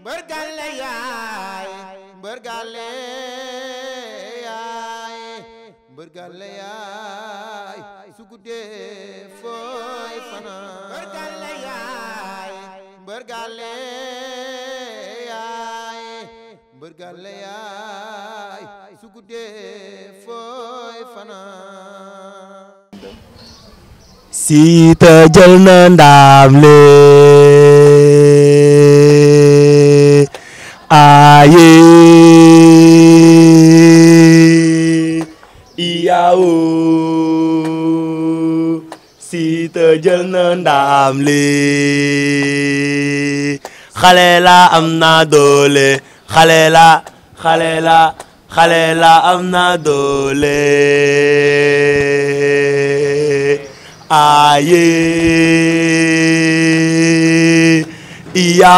mbër gàlle yaay mbër gàlle yaay mbër gàlle yaay su guddee yaay mbër fooy fanaan Siteu jël na ndam le ayé iya o Siteu jël na ndam am na doole xale la xale am na doole ayé iya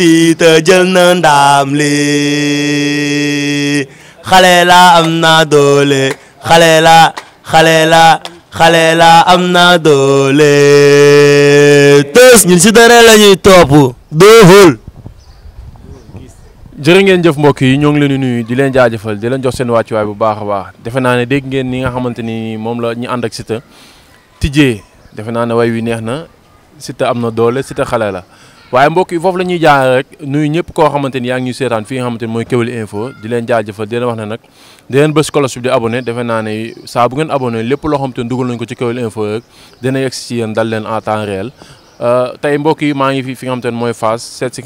Siteu jël na ndam li xale la am na doole xale la xale la xale la am na doole tës ñun si rek la ñuy topp doxul jërë ngeen jëf mbokk yi ñoo ngi leen di nuyu di leen jaajëfal di leen jox seen wàccuwaay bu baax a baax defe naa ne dégg ngeen ni nga xamante ni moom la ñu ànd ak Siteu tijjee defe naa ne way wi neex na Siteu am na doole Siteu xale la waaye mbokk yi foofu la ñuy rek nuyu ñëpp koo xamante yaa ngi seetaan fi nga xamante ni mooy Kewel Info di leen jaajëfal di leen wax ne nag di leen bës kolos di abonné defe naa ne saa euh, mooy Fass ak ki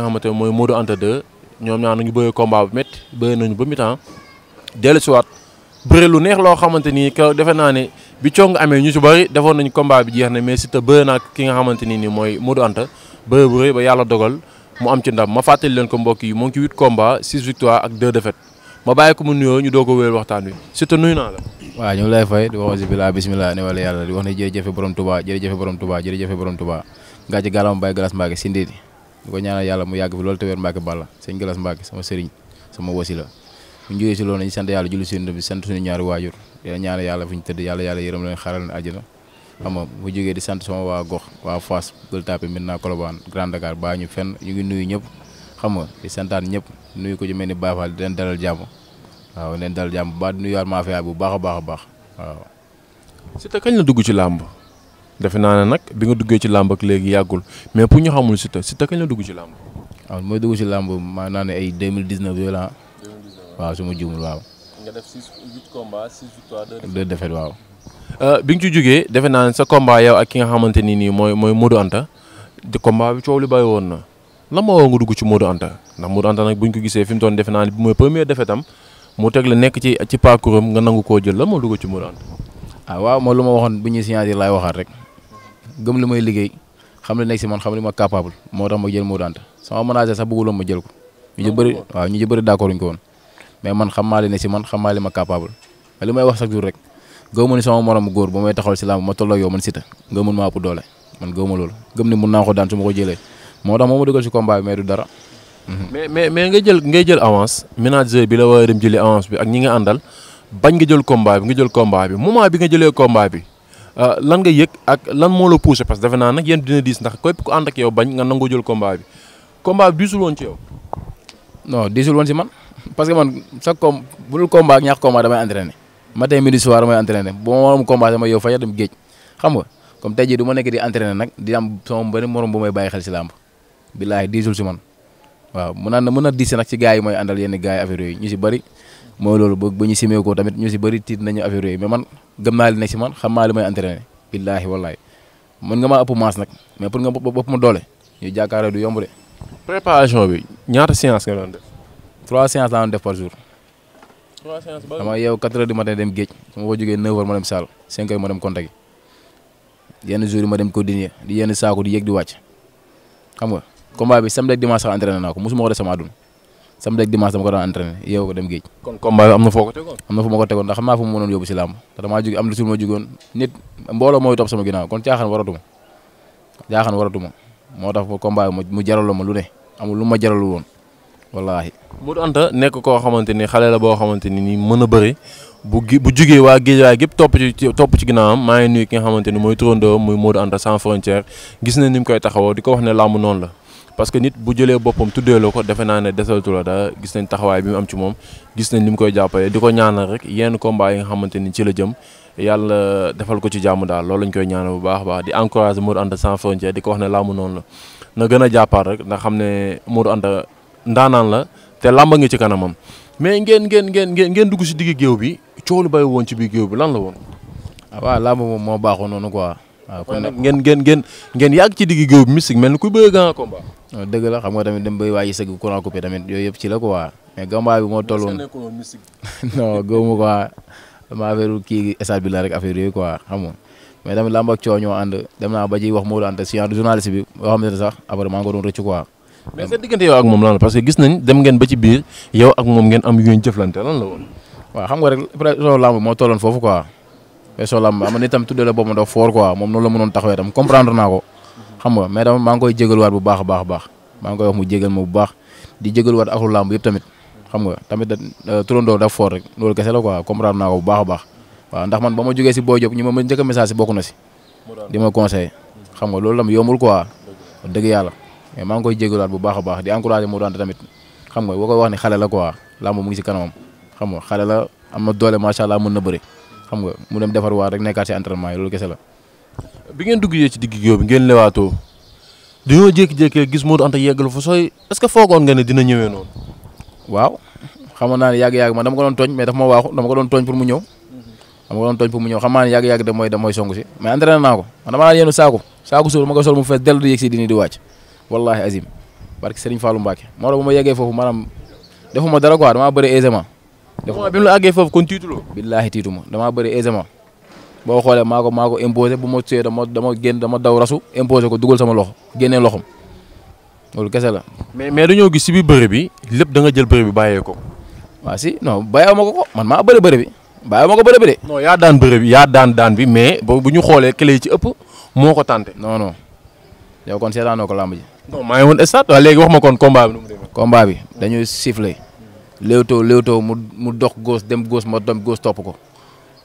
nga mooy Modou Anta 2 ñoom ñaar nañu bëre combat bu métti bëre nañu ba mi-temps dellu siwaat neex loo xamante keroog defe naa ne bi coow nga amee ñu ci bëri defoon nañu combat bi jeex na mais Siteu bëre na ki nga xamante ni nii mooy Modou Anta bëre bu rëy ba yàlla dogal mu am ci ndam ma fàttali leen ko mbokk yi mu ngi ci huit combats six victoires ak deux défaites ma bàyyi ko mu nuyoo ñu doo ko wéyal waxtaan wi Siteu nuyu naa la. waaw ñu ngi lay fay di wax bisimilah bisimilah ne wala yàlla di wax ne jërëjëfe borom Touba jërëjëfe borom Touba jërëjëfe borom Touba ngaa ci gàllam Baye Galas si ndiidi mu yàgg loolu te wér Mbacke Balla sëñ Galas Mbacke sama sëriñ sama la bu ñu jógee si loolu nañ sant yàlla julli seen bi sant suñu ñaari waajur yàlla ñaanal yàlla fu ñu tëdd yàlla yàlla yërëm leen xaral na àjjana xam nga jógee di sant sama waa gox waa Fass Gueule Tapée Médina Colobane Grand Dakar baa ñu fenn ñu ngi nuyu ñëpp xam nga di santaan ñëpp nuyu ko ci mel ni Baye Fall di leen dalal jàmm waaw leen dalal jàmm bu baax di nuyuwaat mafia bu baax a baax a baax waaw. Siteu kañ la dugg ci làmb defe naa ne nag bi nga duggee ci làmb léegi yàggul mais pour ñu xamul Siteu Siteu kañ dugg ci làmb. waaw mooy dugg ci làmb maanaam ay 2019 yooyu waaw su ma juumul waaw. nga def six huit combats waaw. Euh, bi nga ci jógee defe naa ne sa combat yow ak ki nga xamante ni nii mooy mooy Modou Anta di combat bi coow li bàyyi woon na la moo woo nga dugg ci Modou Anta ndax Modou Anta nag bu ko gisee fi mu toon defe naa ne bi mooy première défaite am mu teg la nekk ci ci nga nangu koo jël lan moo dugg ci Modou Anta. ah waaw mooy lu ma waxoon bu ñuy signaler laay waxaat rek gëm lu may liggéey xam li nekk si man xam li ma capable moo tax ma jël Modou Anta sama manager sax bëgguloon ma jël ko. ñu ci bëri ah, waaw ñu ci bëri ko woon mais man xam naa li si man xam naa ma capable mais li may wax chaque jour rek gëw ma ni sama moromu góor ba may taxawal si làmb ma tolloo yow man Siteu nga mën maa ëpp doole man gëw loolu gëm ni mun naa ko daan su ma ko jëlee moo tax moo ma dugal si combat bi mais du mhm. mais mais jël ngay jël avance manager bi la war a dem jëlee avance bi ak ñi nga àndal bañ nga jël combat bi nga jël combat bi moment bi nga jëlee combat bi euh, lan nga yëg ak lan moo la poussé parce que defe naa nag yéen dina diis ndax képp ku ànd ak yow bañ nga nangoo jël combat bi combat bi diisul woon ci yow. non diisul woon si man. parce que man sa com bu dul combat ak ma waroon combat damay yow géej xam nga comme tey jii du ma nekk di entraîné nag di am sama benn morom bu may bàyyi xel si làmb billahi diisul si man waaw mun naa mën a diis nag ci gars yi mooy àndal yenn gars yi affaire yooyu ñu si bëri mooy loolu ba ba ñu simee ko tamit ñu si bëri tiit nañu affaire yooyu mais man gëm naa li nekk si man xam naa li may entraîné billahi wallahi mën nga maa ëpp masse nag mais pour nga bopp ma doole ñu jàkkaarloo du bi ñaata séance nga trois séances laa doon def par jour. trois séances ba dama yeewu quatre heures du matin dem géej su ko jógee neuf heures ma dem saal cinq heures ma dem contact yenn jours yi ma dem continuer di yenn saako di yéeg di wàcc xam nga combat bi samedi ak dimanche sax entraîné naa ko mosuma ko def sama àdduna samedi ak dimanche dama ko daan entraîné yeewu ko dem géej. kon combat bi am na foo ko tegoon. am na fu ma ko tegoon ndax xam naa fu mu mënoon yóbbu si làmb te damaa jóge am lu si ma jógoon nit mbooloo mooy ma lu ne lu ma jaralu woon wallaahi Modou Anta nekk koo xamante ni xale la boo xamante ni nii mën na bëri bu gi bu jugee waa Guédiawaye gépp topp ci topp ci ginnaawam maa ngi nuyu ki nga xamante ni mooy turandoo muy Modou Anta sans frontière gis na ni koy taxawoo di ko wax ne làmb noonu la. parce que nit bu jëlee boppam tuddee la defe naa ne desaltu la dara gis nañ taxawaay bi mu am ci moom gis nañ ni mu koy jàppale di ko ñaanal rek yenn combat yi nga xamante ni ci la jëm yàlla defal ko ci jàmm daal loolu lañ koy ñaanal bu baax baax di encouragé Modou Anta sans frontière di ko wax ne làmb noonu la na gën a jàppaat rek ndax xam ne Modou Anta ndaanaan la te làmba ngi ci kanamam mais ngeen ngeen ngeen ngeen ngeen dugg si digg géew bi coow lu bàyyi woon ci biir géew bi lan la woon. Ah, waaw làmba moom moo baaxoo noonu quoi. waaw ah, kon nag ngeen ngeen ngeen ngeen yàgg ci digg géew bi mystique mel ni ku bëgg grand combat. dëgg la xam nga tamit dem bay yi sëgg courant coupé yooyu yëpp ci la quoi mais gamba bi moo toll woon non kii stade bi la yooyu quoi xam nga mais tamit làmb ak dem naa ba wax Modou Anta si journaliste bi xam ne sax après maa ngi ko doon mais seen diggante yow ak moom lan la parce que gis nañ dem ngeen ba ci biir yow ak moom ngeen am yu ngeen jëflante lan xam nga rek pression lamb moo tolloon foofu quoi pression lamb am na itam tuddee la boobu dafa fort quoi moom noonu la mënoon taxawee tam comprendre naa ko. xam nga mais maa ngi koy jégaluwaat bu baax a baax a baax maa ngi koy wax mu jégal ma bu baax di jégaluwaat ak lu lamb yëpp tamit xam nga tamit euh, turandoo dafa fort rek loolu kese la quoi comprendre naa ko bu baax a baax waaw ndax ba ma jógee si Boy Diop ñi ma ma njëkk na si di la mu yombul quoi dëgg mais maa ngi koy jégaluwaat bu baax a baax di encouragé Anta tamit xam nga wax ni xale la quoi làmb mu ngi si kanamam xam xale la am na doole macha allah mën na bëri xam nga mu dem defar waar rek nekkaat si entraînement yi loolu kese la. bi ngeen duggee ci digg géew bi ngeen lewaatoo dañoo jékki-jékki gis Modou Anta yeggal fa sooy mu ñëw mu ñëw xam naa ne yàgg-yàgg da mooy songu si mais entraîné naa ko man dama naan yéenu saaku saaku suuf ma koy sol mu fees dellu di yëg si di di wàcc wallahi azim barke Serigne Fallou Mbacke moo tax bu ma yeggee foofu maanaam defuma dara quoi damaa bëri aisément. defuma bi mu la àggee foofu kon tiituloo. billaahi tiituma damaa bëri aisément boo xoolee maako ko maa bu ma suyee génn dama daw rasu imposé ko dugal sama loxo génnee loxom loolu kese la. mais mais dañoo gis si biir bëre bi lépp da nga jël bëre bi bàyyee ko. waaw si non ma ko ko man maa bëri bëre bi bàyyiwoo ma ko bëre bi de. non yaa daan bëre bi yaa daan daan bi mais bu ñu xoolee clé yi ci ëpp moo ko tànte. non non yow kon seetaanoo ko làmb ji. non maa ngi woon stade waaye léegi wax ma kon combat bi nu mu demee. combat bi dañuy siffler. mu mu dox goos dem góos ma dem góos topp ko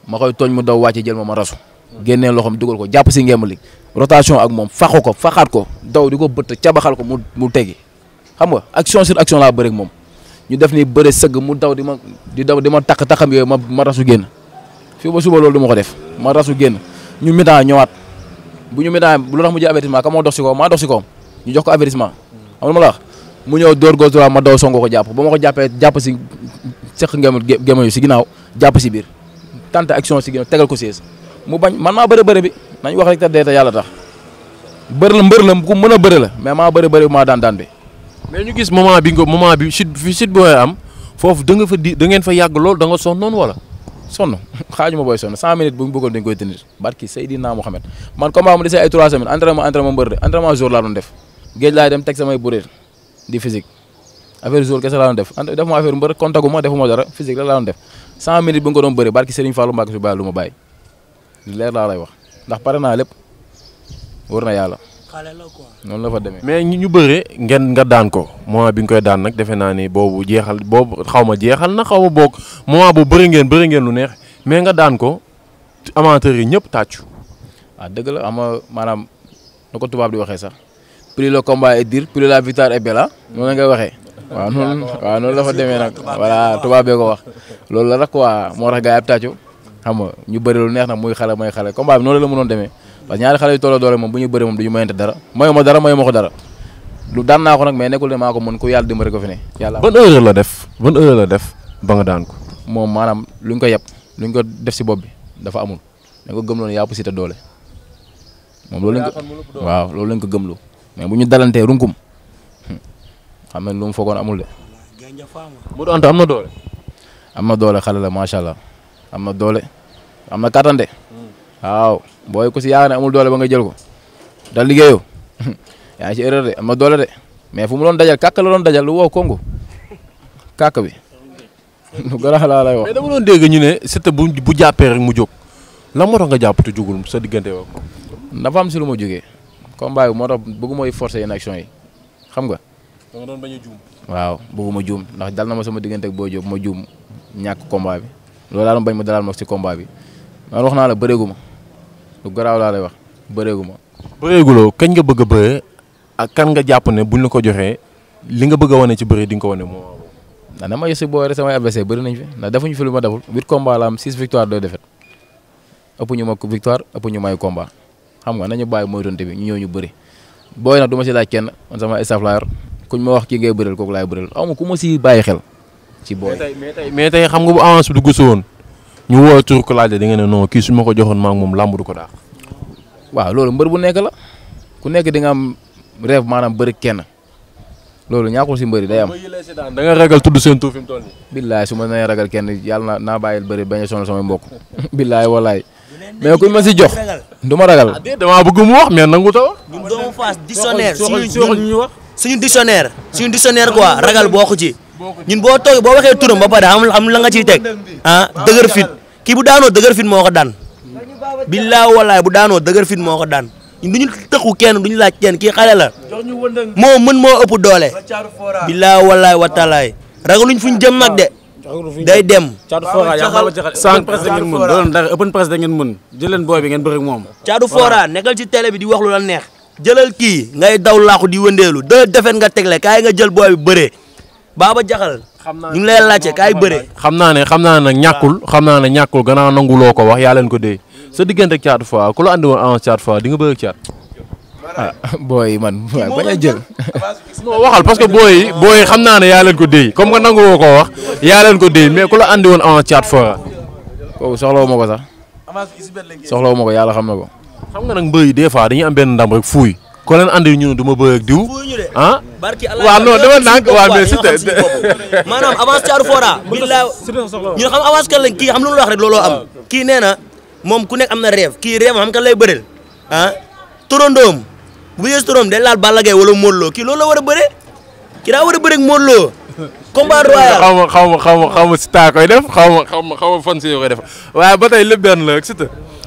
ma koy tooñ mu daw wàcce jël ma ma rasu. génnee loxoom dugal ko jàpp si ngeem li rotation ak faxu ko faxaat ko daw di ko bëtt cabaxal ko mu mu tegi xam nga action sur action laa moom ñu def ni bëre sëgg mu daw di ma di daw di ma takk takkam yooyu ma ma rasu génn fii ba suba loolu du ma ko def ma rasu génn ñu mitaa ñëwaat bu ñu mitaa lu tax mu jël avertissement ka moo dox si kawam maa dox si kawam ñu jox ko avertissement xam ma la mu ñëw dóor gauche droit ma daw songo ko jàpp ba ma ko jàppee jàpp si seq ngeen géma yu si ginnaaw jàpp si biir tante action si ginnaaw tegal ko siis mu bañ man maa bëri bëri bi a la mais maa bëri daan daan bi mais ñu gis moment bi nga moment bi chute booy am foofu da fa yàgg lool da nga sonn noonu wala sonn booy sonn cent minutes bu ñu bëggoon dañ koy tenir barki Seydina Mohamed man combat mu desee ay trois semaines entraînement entraînement def géej laay dem teg samay buréel di physique affaire jour kese laa doon def ant def ma affaire mbër kontagu ma defu dara physique rek laa doon def 100 minutes bu nga ko doon bëri barki Serigne Fallou Mbacke leer laa lay wax ndax pare naa lépp wër na yàlla. xale la quoi noonu la fa demee. mais ñu bëre ngeen nga daan ko moment bi nga koy daan nag defe naa ni boobu jeexal boobu xaw ma jeexal na xaw ma boog moment bu bëri ngeen bëri ngeen lu neex mais nga daan ko amateurs yi ñëpp tàccu. waaw ah, dëgg la ama maanaam nu ko tubaab di waxee sax. plus le combat est dur plus la victoire est belle ah. noonu la nga waxee. waaw noonu la fa demee nag voilà tubaab bee ko wax loolu la nag quoi moo tax gaa yi ab tàccu xam nga ñu bëri lu neex nag muy xale mooy xale combat bi noonu la mënoon demee parce que ñaari xale yu tolloo doole moom bu ñu bëri moom du ñu mayante dara mayu dara mayu ko dara lu daan naa ko nag mais nekkul ne maa ko mën ku yàlla dimbali ko fi ne yàlla. ban erreur la def ban erreur def ba nga daan ko. moom maanaam luñ ko yeb luñ ko def si bopp bi dafa amul dañ ko gëmloo ne yaa ko moom loolu lañ waaw loolu lañ ko gëmloo mais bu ñu dalantee runkum xam ne lu mu foogoon amul am na doole. am na doole xale la allah am na doole am na kàttan de si yaakaar amul doole ba nga jël ko dal liggéeyoo yaa ngi doole de mais fu mu doon dajal kàkk la doon dajal lu woo Congo kàkk bi lu gën a laa lay wax. mais dama ñu ne Siteu bu bu jàppee rek mu jóg lan moo tax nga jàpp te jógul sa diggante woo. dafa am si lu ma jógee. combat bi moo tax bëgguma forcer yenn action yi xam nga. da nga doon bañ a juum. waaw bëgguma juum ndax dal na ma sama diggante ak Boy Diop ma juum ñàkk combat bi loolu daal ma bañ ma dalal ma si combat bi man wax naa ma lu laa lay wax bëreegu ma. bëreeguloo kañ nga bëgg a kan nga jàpp ne buñ la ko joxee li nga bëgg a wane ci bëri di nga ko wane moom. ndax dama yës booy rek samay bëri nañ fi ndax defuñu fi lu ma deful huit combat la am six victoire deux défaite ëpp ñu ma victoire ëpp ñu may combat. xam nga nañu bàyyi moytonte bi ñu ñëw ñu bëri booy nag du ma si kenn man sama staff kuñ ma wax kii ngay bëreel kooku laay bëreel aw ma ku ma si bàyyi xel ci booy mais tey xam nga bu avance bi du woon ñu woo tur ko laaj da nga ne kii suñ ma ko joxoon maa ngi moom ko daax waaw loolu mbër bu nekk la ku nekk di nga am rêve maanaam bëri kenn loolu ñaakul si mbëri day am da nga ragal tudd seen tur fi mu toll nii billaay su ma nee ragal kenn yàlla naa bàyyil bëri bañ a sonal samay walaay mais kuñ ma si jox du ma ragal. Ah, damaa bëgg mu wax mais nangu taw. ñun doomu Fass dictionnaire suñu suñu dictionnaire suñu dictionnaire quoi ragal bokku ci ñun boo toogee boo waxee turam ba pare am la nga ciy teg ah dëgër fit kii bu daanoo dëgër fit moo ko daan. billaa walaay bu daanoo dëgër fit moo ko daan du ñu tëkku kenn du ñu laaj kenn kii xale la moo mën moo ëpp doole. billaa walaay watalaay ragaluñ fuñ de. day dem. caatu fora yaa ma jaxal sans presse da ngeen mën loolu dara open presse ngeen mën jël leen booy bi ngeen bëri ak moom. bi di wax lu la neex. jëlal kii ngay daw laaxu di wëndeelu deux défaite nga tegle kaay nga jël booy bi bëree baaba jaxal. ñu ngi lay laajte kaay bëree. xam naa ne xam naa ne ñàkkul xam naa ne ñàkkul gannaaw nangu loo ko wax yaa leen ko dee sa diggante ak caatu fora ku la andi woon avance caatu fora di nga bëri ak ah booy man waaw bañ a jël. non waxal parce que booy booy xam naa ne yaa leen ko déy comme que nangu woo koo wax yaa leen ko déy mais ku la andi woon en chat fa kooku soxlawu ma ko sax soxlawu ma ko yàlla xam na ko. xam nga nag mbëy des fois dañuy am benn ndam rek fuuy. ko leen andi ñu ne du ma bëgg ak diw ah waaw non dama nang waaw mais si te maanaam avance ci Arru Fora billaa ñu xam avance kan lañ kii xam lu mu wax rek looloo am kii nee na moom ku nekk am na rêve kii rêve xam kan lay bëreel ah turandoom bu yées turam day laal Balla Gaye wala Modou Lo kii loolu la war a bëree kii daa war a bëree ak Modou Lo. combat royal xaw ma xaw ma xaw ma xaw ma si taa koy def xaw ma xaw ma xaw ma fan si koy def ba tey lépp benn la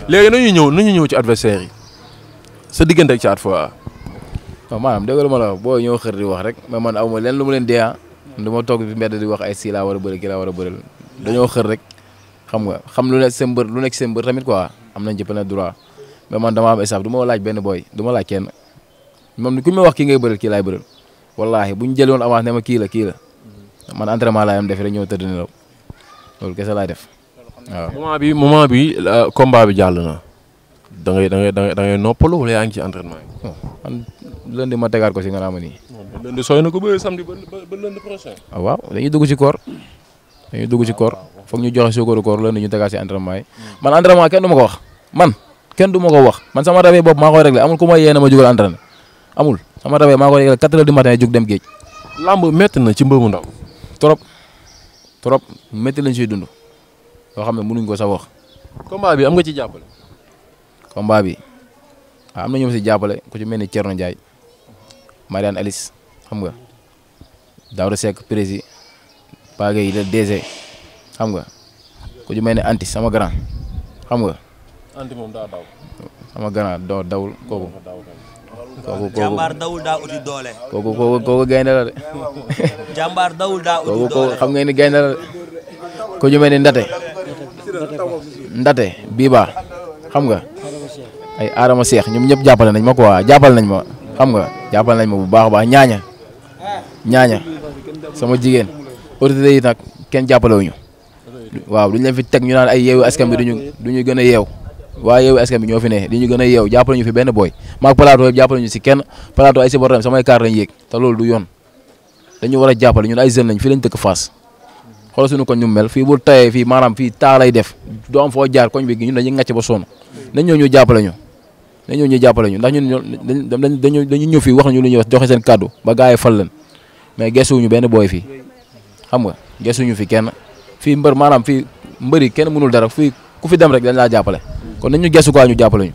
léegi nu ñuy ñëw nu ñuy ñëw ci adversaire yi sa diggante ak Thiat Foire. la ma la boo ñëw xër di wax rek mais man aw ma leen lu ma leen dee ah du ma toog di wax ay si laa war a bëri kii laa war a bëri rek xam nga xam lu nekk seen mbër lu nekk seen mbër tamit quoi am nañ ci plein droit mais man dama am échapé du laaj benn boy du ma laaj kenn moom ku ñu ma wax kii ngay bëreel kii laay bëreel wallaahi bu ñu jëlee woon avance ne ma kii la kii la man entraînement laay am def rek ñëw tëdd ne law loolu kese def waaw. bi moment bi combat bi jàll na. da ngay da ngay da ngay noppalu ci entraînement yi. Oh, man lundi ma tegaat ko si nga ma nii. lundi sooy na ko ba samedi ba ba ah, ci koor dañuy dugg ci koor ah, ñu joxe suukaru koor lundi ñu tegaat si entraînement kenn du ma ko wax man kenn du ma ko wax man sama rabee bopp maa koy réglé amul ku ma yee na ma amul sama rabee maa ko yëgal quatre heures du matin jug dem géej. lamb métti na ci mbër ndaw. trop trop métti lañ siy dund loo xam ne mënuñ ko sa wax. combat bi am nga ci jàppale. combat bi ah, am na ñoom si jàppale ku ci mel ni Thierno Ndiaye Mariane Alice xam nga Daouda sek prési Pagé yi la DG xam nga ku ci mel ni anti sama grand xam nga. anti moom daa daw. sama grand dawul kooku kooku jàmbaar dawul daa gaynde la de. jàmbaar dawul xam ni gaynde la de mel ni ndate. ndate bii baax xam nga ay aadama seex ñoom ñëpp jàppale nañ ma quoi jàppal nañ ma xam nga jàppal nañ ma bu baax a baax ñaaña ñaaña sama jigéen autorité yi nag kenn jàppalewuñu waaw duñ leen fi teg ñu naan ay yeewu askan bi duñu gën a yeew waaye yow askan bi ñoo fi ne di ñu gën a yeew jàppale ñu fi benn booy maag plateau yëpp ñu si kenn palaato ay supporters samay kaar lañ yéeg te loolu du yoon dañu war a jàppale ñu ay jeunes lañ fii lañ dëkk Fass xoolal suñu koñ ñu mel fii bu tayee fii maanaam fii taa lay def doo am foo jaar koñ bi ñu dañuy ngàcc ba sonn nañ ñu jàppale ñu nañ ñu jàppale ñu ndax ñun dañu dañu ñëw fii wax nañu lu ñuy wax joxe seen kàddu ba gars yi fal leen mais gesuñu benn booy fii xam nga gesuñu fi kenn fii mbër maanaam fii mbëri kenn mënul dara fii ku fi dem rek dañ laa jàppale kon nañ ñu gestu quoi ñu jàppale ñu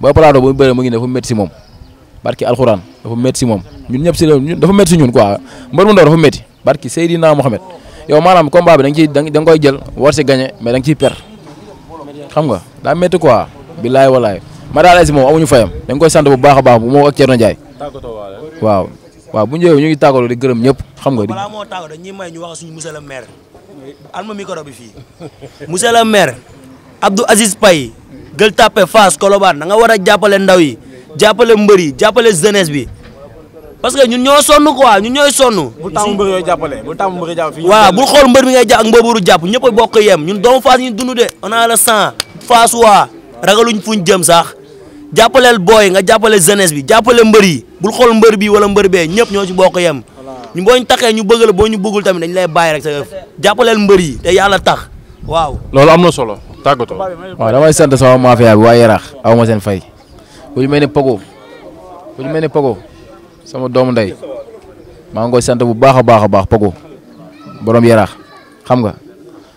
Boy Prado bu bëree mu ngi ne dafa métti si moom barki alxuraan dafa métti si moom ñun ñëpp si la dafa métti si ñun quoi mbër mu ndaw dafa métti barki Seydina Mohamed yow maanaam combat da nga ciy da nga koy jël war si nga ciy perdre xam nga daa métti quoi ma daal si moom amuñu fayam da koy sant bu baax a baax bu moo ak Thierno Ndiaye waaw waaw bu ñëwee ñu ngi tàggatoo di gërëm ñëpp xam nga. balaa moo tàggatoo ñuy may ñu wax suñu monsieur le maire alma micro bi fii monsieur le maire Abdou Aziz Paye Gueule Tapée Fass Colobane da nga war a jàppale ndaw yi jàppale mbër yi jàppale jeunesse bi parce que ñun ñoo sonn quoi ñun ñooy sonn. bu tàmm mbër yooyu jàppale bu tàmm mbër jàpp fii. voilà bu xool mbër mi ngay jàpp ak mbër ñëpp a bokk ñun doomu Fass ñu dund de on a le sang Fass waa jëm sax jàppaleel booy nga jàppale jeunesse bi jàppale mbër yi bul xool mbër bi wala mbër bee ñëpp ñoo ci bokk yem. ñu boo ñu taxee ñu bëgg la boo ñu bëggul tamit dañ lay bàyyi rek sa jàppaleel mbër yi te yàlla tax waaw. loolu solo. tàggatoo waaw damay sant sama mafia waaye waa Yaraax aw ma seen fay ku ñu mel ne Pogo ku mel ne Pogo sama doomu ndey maa ngi koy sant bu baax a baax a baax Pogo borom Yaraax xam nga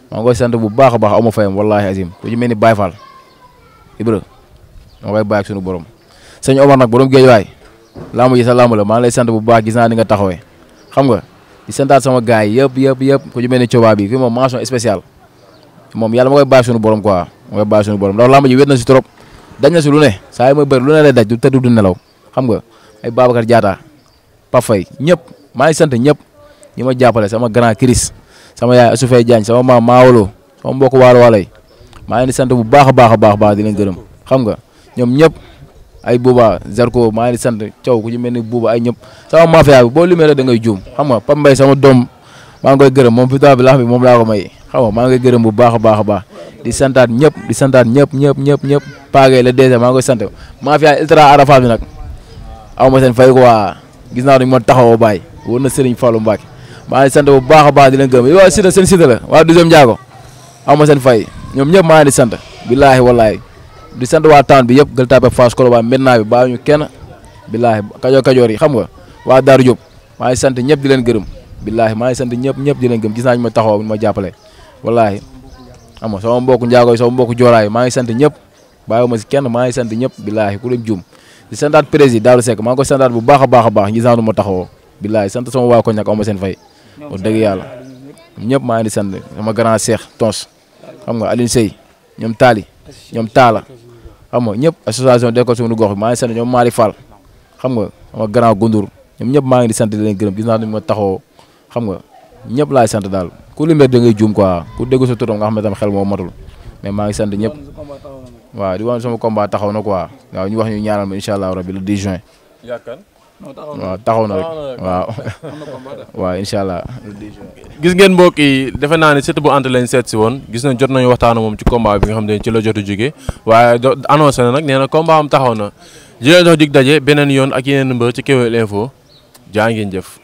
maa ngi koy bu baax a baax aw ma fayam wallaahi azim ku ñu mel ni Baye Fall Ibra dama koy bàyyi ak sunu borom sëñ Omar nag borom géej waay laamu ji sa laamu la maa ngi lay bu baax gis naa ni nga taxawee xam nga di santaat sama gaay yëpp yëpp yëpp ku ñu mel ni Coba bi kii moom mention spéciale. moom yàlla ma koy bàyyi suñu borom quoi ma koy bàyyi suñu borom ndax làmb ji wét na si trop daj na si lu ne saa yi may bëri lu ne lay daj du tëdd du nelaw xam nga ay Babacar Diatta Pafay ñëpp maa ngi sant ñëpp ñi ma jàppale sama grand Chris sama yaay Asou Faye Diagne sama maam Maolo sama waalo waalo maa ngi sant bu baax a baax a baax baax di leen gërëm xam nga ñoom ñëpp ay Bouba Zarko maa ni sant Thiaw ku ci mel ni Bouba ay ñëpp sama mafia bi boo limee rek da ngay juum xam nga Pape Mbaye sama doom maa ngi koy gërëm moom fi bi lax bi moom laa ko may xaw maa ngi gërëm bu baax a baax a baax di santaat ñëpp di santaat ñëpp ñëpp ñëpp ñëpp paagay la dèjà maa sant maa fi ay ultra arafat bi ma seen fay waa gis naa duñ ma taxawoo bàyyi wër na Serigne Fallou Mbacke maa ngi sant bu baax a baax di leen gërëm yow waa Siteu seen Siteu la waa deuxième Ndiago aw ma seen fay ñoom ñëpp maa di sant billaahi wallaahi di sant waa taan bi yëpp gël tapé Fass Kolo maintenant bi baa ñu kenn billaahi kajoor kajoor yi xam nga waa Daaru Diop maa sant ñëpp di leen gërëm billaahi maa ngi sant ñëpp ñëpp di leen gërëm gis naa ñu ma taxaw ma jàppale wallaahi xam nga sama mbokku njaago yi sama mbokku jooraay maa ngi sant ñëpp bàyyiwuma si kenn maa ngi sant ñëpp billaahi ku lim juum di santaat président Daaru Seck maa bu baax a baax a baax gisaanu ma sant sama waa ko ñàkk am ma seen dëgg yàlla ñëpp maa ngi di sant sama grand Cheikh Tons xam nga Alioune Seye ñoom Tali ñoom Talla xam nga ñëpp association d'école suñu gox bi maa ngi sant ñoom xam nga sama grand Gundur ñoom ñëpp maa ngi sant di leen gërëm gis naa ni ma taxawoo xam nga ñëpp laa sant daal ku limber da ngay juum quoi ku dégg sa turam nga xam ne tam xel moo matul mais maa ngi sant ñëpp waaw di wax sama combat taxaw na quoi waaw ñu wax ñu ñaanal ma incha allah rabi le 10 juin. yaakaar taxaw na rek waaw. waaw incha allah. gis ngeen mbokk yi defe naa ne Siteu bu Anta lañ seet si woon gis nañ jot nañu waxtaan moom ci komba bi nga xam ne ci la jot a jógee waaye annoncé na nag nee na combat am taxaw na di leen dox dig daje beneen yoon ak yeneen mbër ci Kewel Info jaa ngeen jëf.